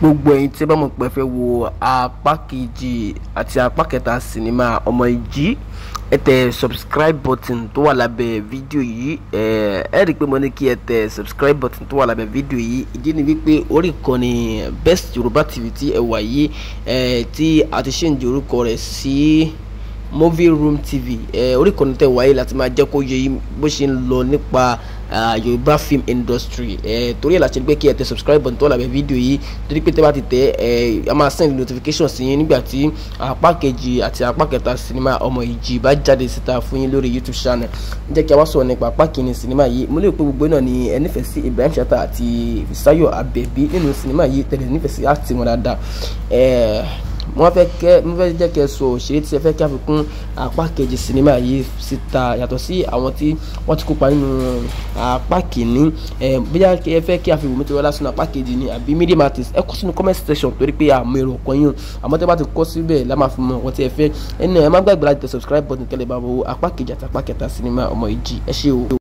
gbogbo ẹ̀yin tí ẹ bá mọ̀ pé fẹ́ wo apá kejì àti apá kẹta sinimá ọmọ ìjì ẹ tẹ subscribe button tó wà lábẹ́ fídíò yìí ẹ ẹ rí i pé mo ní kí ẹ tẹ subscribe button tó wà lábẹ́ fídíò yìí ìdí ni wípé orí ìkànnì Best Yorùbá TV tí ẹ wà yìí ẹ tí a ti ṣe ń jẹ orúkọ sí. movie room tv ẹ orí ìkànnì tẹ wáyé láti máa jẹ́ kó yẹ bó ṣe ń lọ nípa Ah, yorùbá film industry eh, torí ẹ̀ la ṣe ń pé kí ẹ tẹ subscribe button tó wà lábẹ́ fídíò yìí torí pé tẹ́ bá ti tẹ ẹ eh, a máa send notification sí yín nígbà tí apá kejì àti apá kẹta sinimá ọmọ ìjì bá jáde síta fún yín lórí youtube channel jẹ́ kí a wá sọ̀rọ̀ nípa apá kìíní sinimá yìí mo lérò pé gbogbo náà ni ẹ nífẹ̀ẹ́ sí ibrahim chata àti fisayo abẹ́bí nínú sinimá yìí tẹ̀lé nífẹ̀ẹ́ sí àtìmọ́ dáadáa eh, wọ́n fẹ́ kẹ́ wọ́n fẹ́ jẹ́ kẹ́ sọ òṣèré tí ẹ fẹ́ kí a fi kún apá kejì sinimá yìí síta yàtọ̀ sí àwọn tí wọ́n ti kópa nínú apá kìíní ẹ bóyá ẹ fẹ́ kí a fi Wùmí Toríọlá sínú apá kejì ni àbí Medium artist ẹ kọ sínú comment section torí pé àmọ èrò ọkàn yín o àmọ́ tẹ́ bá ti kọ síbẹ̀ la máa fi mọ ọkọ tí ẹ fẹ́ ẹ náà ẹ má gbàgbé láti tẹ subscribe button kẹ́lẹ́ bá wo apá kejì àti apá kẹta sinimá ọmọ ìjì ẹ ṣé o.